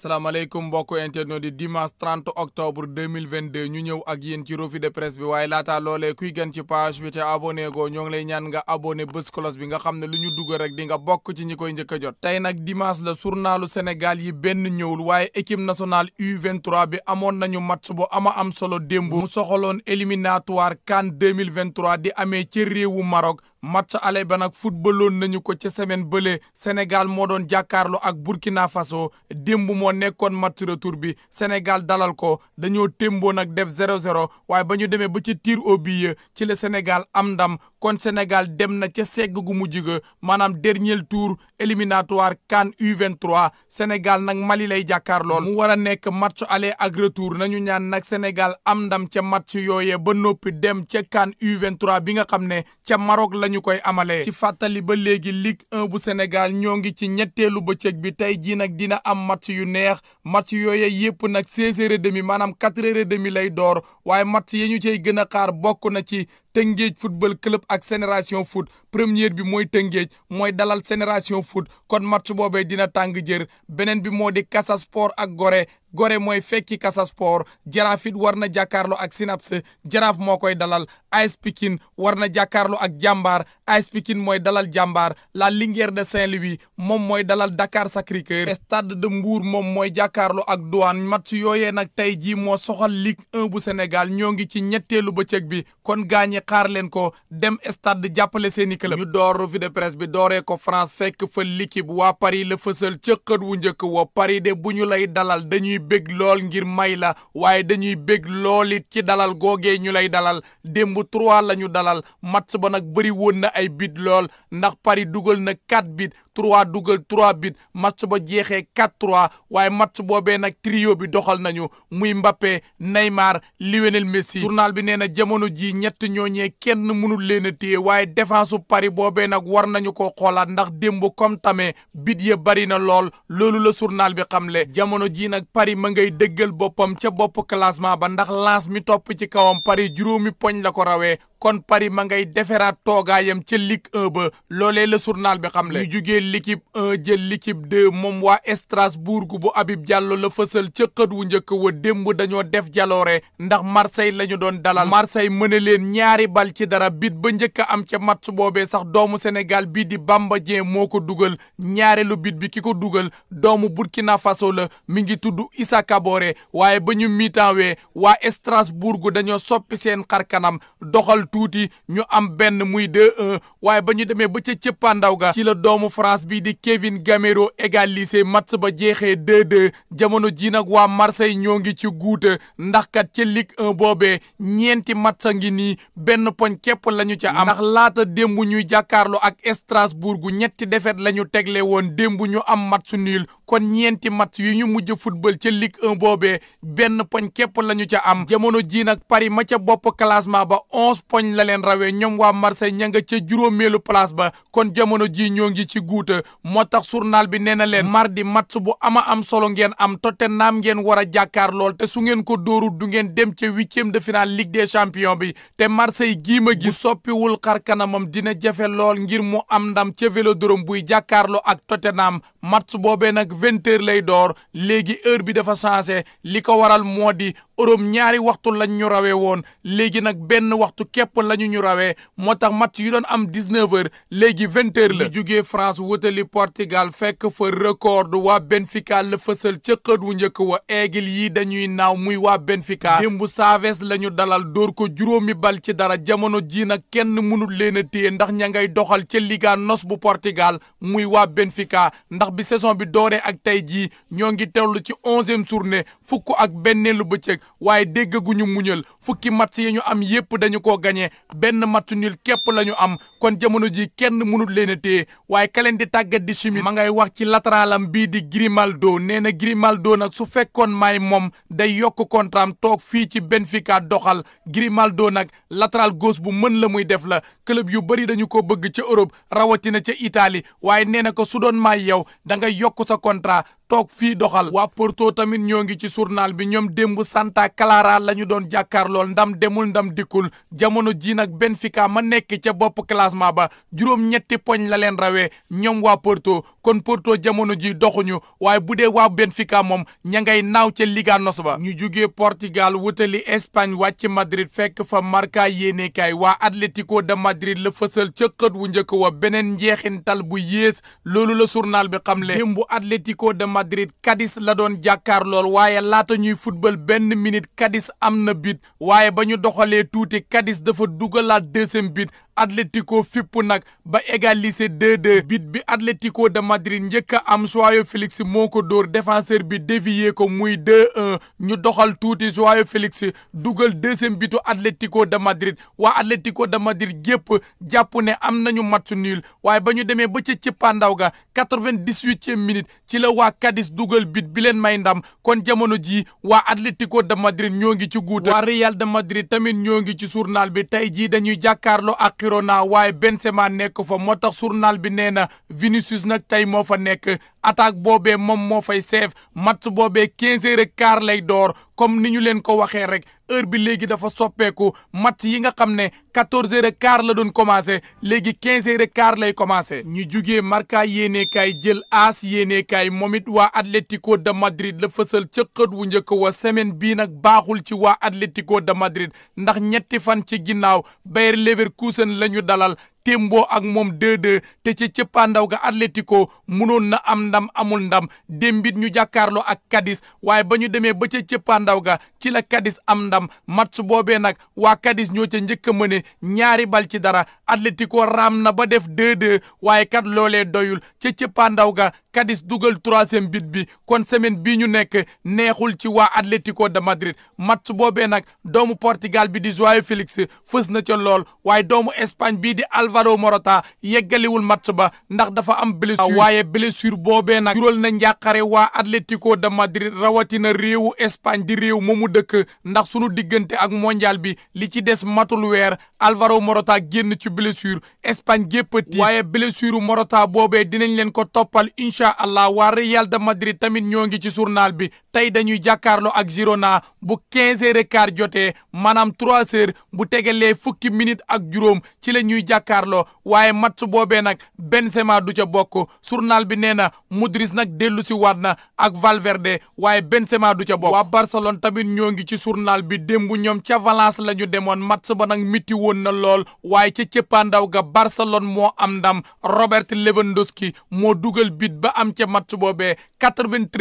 salaamaaleykum mbokk internet di dimanche 30 octobre 2022 ñu ñëw ak yéen ci revue de presse bi waaye laata loolee kuy gën ci page bi te abonné goo ñoo ngi lay ñaan nga abonné bés cloche bi nga xam ne lu ñu dugg rek di nga bokk ci ñi koy njëkk jot tey nag dimanche la journalu Sénégal yi benn ñëwul waaye équipe nationale U23 bi amoon nañu match bu ama am solo démb mu soxaloon éliminatoire CAN 2023 di amee ci réewu Maroc match aller ba nag footballoon nañu ko ci semaine bële Sénégal moo doon jàkkaarloo ak Burkina Faso démb moo moo nekkoon match retour bi Sénégal dalal ko dañoo témboon ak def 0-0 waaye ba ñu demee ba ci tir au but ci la Sénégal am ndam kon Sénégal dem na ca segg gu mujj ga maanaam dernier tour éliminatoire CAN U23 Sénégal nag Mali lay jàkkaar lool mu war a nekk match aller ak nañu ñaan nag Sénégal am ndam ca match yooyee ba noppi dem ca CAN U23 bi nga xam ne ca Maroc lañu koy amale ci fàttali ba léegi Ligue 1 bu Sénégal ñoo ngi ci ñetteelu neex match yooye yëpp nag seize heures et demi maanaam quatre heures et demi lay door waaye match yi ñu cey gën a xaar bokk na ci Tëngéej football club ak génération foot première bi mooy Tëngéej mooy dalal génération foot kon match boobee dina tàng jër beneen bi moo di Casa Sport ak Gorée gore mooy fekki Casa Sport jaraaf it war na jàkkaarloo ak Synapse jaraaf moo koy dalal AS Pikine war na jàkkaarloo ak jàmbaar AS Pikine mooy dalal jàmbaar la Linguère de Saint-Louis moom mooy dalal Dakar Sacré-Cœur stade de Mbour moom mooy jàkkaarloo ak Douane match yooyee nag tey jii moo soxal Ligue 1 bu Sénégal ñoo ngi ci ñetteelu bëccëg bi kon gaañi xaar leen ko dem stade jàppale seeni club ñu door revue de presse bi dooree ko France fek fa l'équipe waa Paris la fësal ca wu njëkk wa Paris bu ñu lay dalal dañuy bég lool ngir may la waaye dañuy bég lool it ci dalal googee ñu lay dalal démb trois la ñu dalal match ba nag bëri woon na ay bit lool ndax pari dugal na quatre bit trois dugal trois bit match ba jeexee quatre trois waaye match boobee nag trio bi doxal nañu muy Mbappé Neymar Lionel Messi journal bi nee na jamono jii ñett ñooñee kenn mënul leen a téye waaye défense su Paris boobee nag war nañu ko xoolaat ndax démb comme tamee bit ya bëri na lool loolu la journal Paris ma ngay dëggal boppam ca bopp classement ba ndax lance mi topp ci kawam Paris juróomi poñ la ko rawee kon Paris ma ngay deferaat toogaayam ca Ligue 1 ba loole la journal bi xam le ñu jugee l'équipe 1 jël l'équipe 2 moom waa Strasbourg bu Habib Diallo la fësal ca xët wu njëkk wa démb dañoo def jaloore ndax Marseille la ñu doon dalal Marseille mëne leen ñaari bal ci dara bit ba njëkk a am ca mat boobee sax doomu Sénégal bii di Bamba moo ko dugal ñaareelu bit bi ki ko dugal doomu Burkina Faso la mi ngi tudd Issa Kabore waaye ba ñu mi-temps wee waa Strasbourg dañoo soppi seen xarkanam doxal tuuti ñu am benn muy 2-1 waaye ba ñu demee ba ca cëppaandaw ga ci la doomu France bi di Kevin Gamero égalisé match ba jeexee 2-2 jamono ji nag waa Marseille ñoo ngi ci guuta ndax kat ca Ligue 1 boobee ñeenti mats a ngi nii benn poñ képp la ñu ca am ndax laata démb ñuy jàkkaarloo ak Strasbourg gu ñetti défaite la ñu tegle woon démb ñu am match nul kon ñeenti match yu ñu mujj football ca Ligue 1 boobee benn poñ képp la ñu ca am jamono ji nag Paris ma ca bopp poñ la leen rawee ñoom waa Marseille ña nga ca juróomeelu place ba kon jamono ji ñoo ngi ci guuta moo tax journal bi nee na leen mardi match bu ama am solo ngeen am Tottenham ngeen war a jàkkaar lool te su ngeen ko dóorul du ngeen dem ca huitième de finale Ligue des champions bi te Marseille gii ma gi soppiwul xar kanamam dina jafe lool ngir mu am ndam ca Vélodrome buy jàkkaarloo ak totenaam match boobee nag vingt lay door léegi heure bi dafa changé li ko waral Europe ñaari waxtu lañ ñu rawee woon léegi nag benn waxtu képp lañu ñu rawee moo tax match yi doon am 19 heures léegi 20 la. jugee France wutali Portugal fekk fa record waa Benfica la fësal ca xët wu njëkk wa aigle yi dañuy naaw muy waa Benfica. démb Savès la ñu dalal dóor ko juróomi bal ci dara jamono ji nag kenn mënul leen a téye ndax ña ngay doxal ca Liga NOS bu Portugal muy waa Benfica ndax bi saison bi dooree ak tey jii ñoo ngi teewlu ci onzième journée fukk ak benneelu bëccëg. waaye déggaguñu muñal fukki match yi ñu am yépp dañu ko gañee benn match nul képp la ñu am kon jamono ji kenn mënut leen a téye waaye kaleen di tàggat di chimie ma ngay wax ci latéralam bii di grimal Grimaldo nee na Grimaldo nag su fekkoon may moom day yokk kontraam toog fii ci benn Benfica doxal grimal Grimaldo nag latéral gos bu mën la muy def la club yu bëri dañu ko bëgg ca Europe rawatina ca itali waaye nee na ko su doon may yow da ngay yokk sa contrat toog fi doxal ngi ci journal bi ñoom démb sant Santa Clara la ñu doon jàkkaar lool ndam demul ndam dikkul jamono ji nag Benfica ma nekk ca bopp classement ba juróom-ñetti poñ la leen rawee ñoom waa Porto kon Porto jamono ji doxuñu waaye bu dee waa Benfica moom ña ngay naaw ca Liga Nos ba ñu jugee Portugal wutali Espagne wàcc Madrid fekk fa Marca yéenekaay waa Atlético de Madrid la fësal ca wu njëkk wa beneen njeexintal bu yées loolu la surnal bi xam xamle bu Atlético de Madrid Cadiz la doon jàkkaar nit Cadiz am na but waaye ba ñu doxalee tuuti Cadiz dafa dugalaat deuxième but Atlético fippu nag ba égaliser 2-2 bit bi Atlético de Madrid njëkk am Joao Félix moo ko dóor défenseur bi dévier ko muy 2-1 ñu doxal tuuti Joao Félix dugal deuxième bitu Atlético de Madrid waa Atlético de Madrid gépp jàpp ne am nañu match nul waaye ba ñu demee ba ca cëppaandaw ga 98e minute ci la waa Cadiz dugal bit bi leen may ndam kon jamono jii waa Atlético de Madrid ñoo ngi ci guuta waa Real de Madrid tamit ñoo ngi ci journal bi tey jii dañuy jàkkaarloo ak Girona waaye Benzema nekk fa moo tax journal bi nee na Vinicius nag tey moo fa nekk attaque boobee moom moo fay seef match boobee quinze heures et lay door comme ni ñu leen ko waxee rek heure bi léegi dafa soppeeku match yi nga xam ne quatorze heures et la doon commencé léegi quinze heures et lay commencé. ñu jugee Marca yéenekaay jël AS yéenekaay moom it waa Atlético de Madrid la fësal ca xët wu njëkk wa semaine bii nag baaxul ci waa Atlético de Madrid ndax ñetti fan ci ginnaaw Bayer Leverkusen la ñu dalal. témboo ak moom 2-2 te ca cëppaandaw ga Atlético munoon na am ndam amul ndam démbit ñu jàkkaarloo ak Cadiz waaye ba ñu demee ba ca cëppaandaw ga ci la Cadiz am ndam match boobee nag waa Cadiz ñoo ca njëkk a mëne ñaari bal ci dara Atlético raam na ba def 2-2 waaye kat loole doyul ca cëppaandaw ga Cadiz dugal troisième but bi kon semaine bii ñu nekk neexul ci waa Atlético de Madrid match boobee nag doomu portigal bi di João Félix fës na ca lool waaye doomu Espagne Alvaro Morata yeggaliwul match ba ndax dafa am blessure waaye blessure boobe nag jural na njàqare waa Atlético de Madrid rawatina réewu Espagne di réew moomu dëkk ndax sunu diggante ak mondial bi li ci des matul weer Alvaro Morata génn ci blessure Espagne gépp waaye blessure Morata boobe dinañ leen ko toppal incha allah waa Real de Madrid tamit ñoo ngi ci journal bi tey dañuy jàkkaarloo ak Girona bu 15 heures jote quart jotee maanaam 3 heures bu tegalee fukki minutes ak juróom ci la jàkkaarloo waaye match boobee nag Benzema du ca bokk journal bi nee na Modric nag dellu si na ak Valverde waaye Benzema du ca bokk. waa Barcelone tamit ñoo ngi ci journal bi démb ñoom ca Valence la ñu demoon match ba nag miti woon na lool waaye ca cëppaandaw ga Barcelone moo am ndam Robert Lewandowski moo dugal bit ba am ca match boobee quatre vingt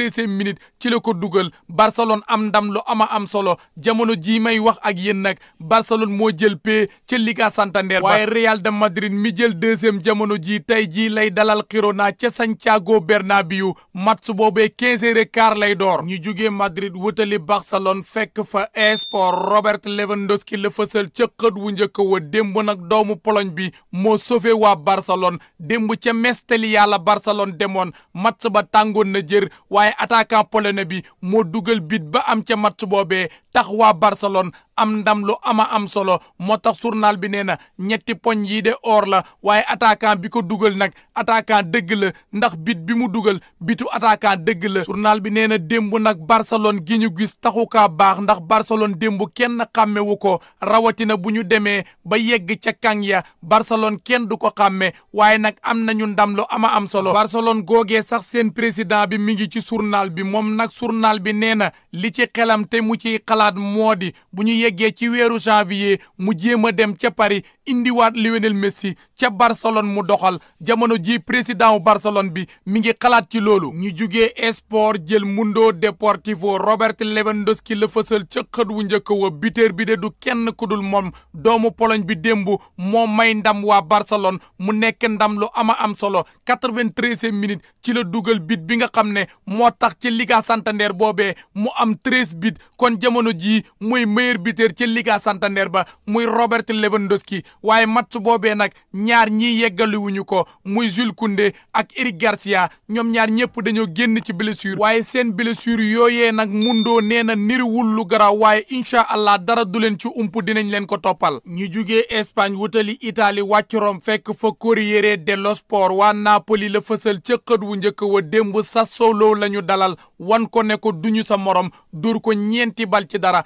ci la ko dugal Barcelone am ndam lu ama am solo jamono jii may wax ak yéen nag Barcelone moo jël pee ca Liga Santander waaye Real de Madrid mi jël deuxième jamono ji tey jii lay dalal Girona ca Santiago Bernabéu match boobee 15 heures et lay door ñu jugee Madrid wutali Barcelone fekk fa esport Robert Lewandowski la fësal ca xët wu njëkk wa démb nag doomu poloñ bi moo sauvé waa Barcelone démb ca Mestalla yàlla Barcelone demoon match ba tàngoon na jër waaye attaquant polonais bi moo dugal bit ba am ca match boobee tax waa Barcelone am ndam lu ama am solo moo tax journal bi nee na ñetti poñ yii de oor la waaye attaquant bi ko dugal nag attaquant dëgg la ndax bit bi mu dugal bitu attaquant dëgg la journal bi nee na démb nag Barcelone gi ñu gis taxukaa baax ndax Barcelone démb kenn xàmmewu ko rawatina bu ñu demee ba yegg ca kàng ya Barcelone kenn du ko xàmme waaye nag am nañu ndam lu ama am solo Barcelone googee sax seen président bi mi ngi ci journal bi moom nag journal bi nee na li ci xelam te mu ciy xalaat moo di bu ñu yeggee ci weeru janvier mu jéem a dem ca Paris indiwaat Lionel Messi ca Barcelone mu doxal jamono ji président wu Barcelone bi mi ngi xalaat ci loolu. ñu jugee sport jël Mundo Deportivo Robert Lewandowski la fësal ca xët wu njëkk wa buteur bi de du kenn ku dul moom doomu Pologne bi démb moo may ndam waa Barcelone mu nekk ndam lu ama am solo quatre-vingt-treizième minute ci la dugal bit bi nga xam ne moo tax ci Liga Santander boobee mu am treize bit kon jamono jii muy meilleur bit buteur ca Liga Santander ba muy Robert Lewandowski waaye match boobe nag ñaar ñiy yeggaliwuñu ko muy Jules Koundé ak Eric Garcia ñoom ñaar ñëpp dañoo génn ci blessure waaye seen blessure yooyee nag mundoo nee na niriwul lu garaw waaye incha allah dara du leen ci ump dinañ leen ko toppal ñu jugee Espagne wutali Italie wàcc Rome fekk fa Corriere dello Sport waa Napoli la fësal ca wu njëkk wa démb Sassuolo la ñu dalal wan ko ne ko duñu sa morom duur ko ñeenti bal ci dara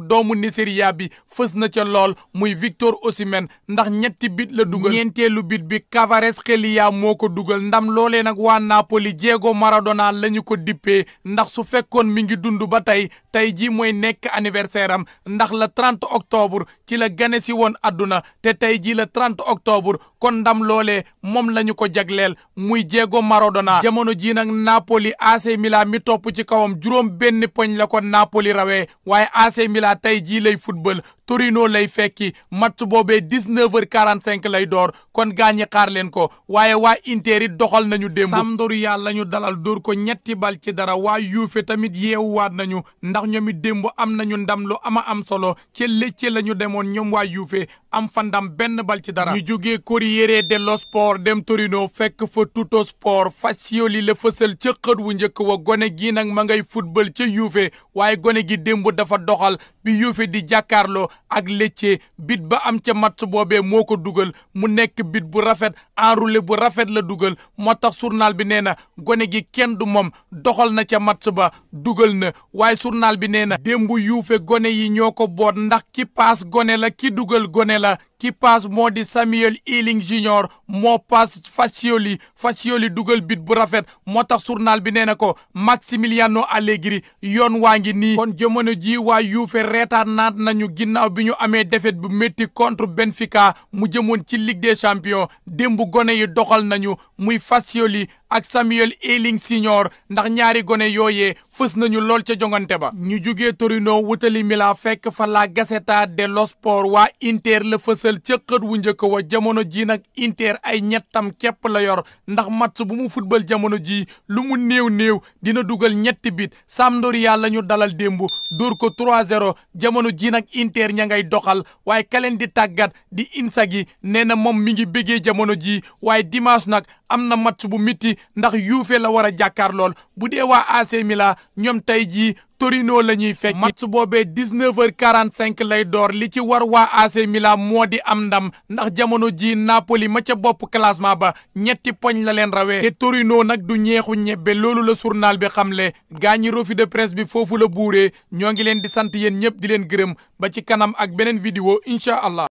nag doomu Nigeria bi fës na ca lool muy Victor Osimhen ndax ñetti bit la dugal ñeenteelu bit bi Kvaratskhelia moo ko dugal ndam loolee nag waa Napoli Diego Maradona la ñu ko dippe ndax su fekkoon mi ngi dund ba tey tey jii mooy nekk anniversaire am ndax la 30 octobre ci la gane si woon àdduna te tey jii le 30 octobre kon ndam loole moom la ñu ko jagleel muy Diego Maradona jamono jii nag Napoli AC Milan mi topp ci kawam juróom benn poñ la ko Napoli rawee waaye Barça tey jii lay football Torino lay fekki match boobee dix neuf heures quarante cinq lay door kon gaañi xaar leen ko waaye waa Inter doxal nañu démb. Sampdoria la ñu dalal dóor ko ñetti bal ci dara waa Juve tamit yeewuwaat nañu ndax ñoom it démb am nañu ndam lu ama am solo ca Lecce la ñu demoon ñoom waa Juve am fa ndam benn bal ci dara. ñu jógee Corriere dello Sport dem Torino fekk fa Tuttosport Fagioli la fësal ca xët wu njëkk wa gone gi nag ma ngay football ca Juve waaye gone gi démb dafa doxal. bi Juve di jàkkaarloo ak Lecce bit ba am ca match boobee moo ko dugal mu nekk bit bu rafet enroulé bu rafet la dugal moo tax journal bi nee na gone gi kenn du moom doxal na ca match ba dugal na waaye journal bi nee na démb yuufee gone yi ñoo ko boot ndax ki paas gone la ki dugal gone la ki paas moo di Samuel Ealing Junior moo pas Fascioli Fascioli dugal bit bu rafet moo tax surnal bi nee na ko Maximiliano Allegri yoon waa ngi nii kon jamono ji waa Juve reetaan naat nañu ginnaaw bi ñu amee défaite bu métti contre Benfica mu jëmoon ci Ligue des Champions démb gone yi doxal nañu muy Fascioli ak Samuel Eling Signor ndax ñaari gone yooye fës nañu lool ca jongante ba ñu jugee Torino wutali Milan fekk fa la Gazzetta dello Sport waa Inter la fësal ca wu njëkk wa jamono ji nag Inter ay ñettam kepp la yor ndax match bu mu football jamono ji lu mu néew néew dina dugal ñetti bit Sampdoria la ñu dalal démb dóor ko trois 0 jamono ji nag Inter ña ngay doxal waaye kaleen di tàggat di Inzaghi nee na moom mu ngi bëggee jamono ji waaye dimanche nag am na match bu mitti ndax Juve la war a jàkkaar lool bu dee waa AC Milan ñoom tey jii Torino la ñuy fekk match boobee 19 quarante 45 lay door li ci war waa AC Milan moo di am ndam ndax jamono ji Napoli ma ca bopp classement ba ñetti poñ la leen rawee te Torino nag du ñeexu ñebbe loolu la journal bi xamle gaa ñi rofi de presse bi foofu la buure ñoo ngi leen di sant yéen ñëpp di leen gërëm ba ci kanam ak beneen vidéo incha allah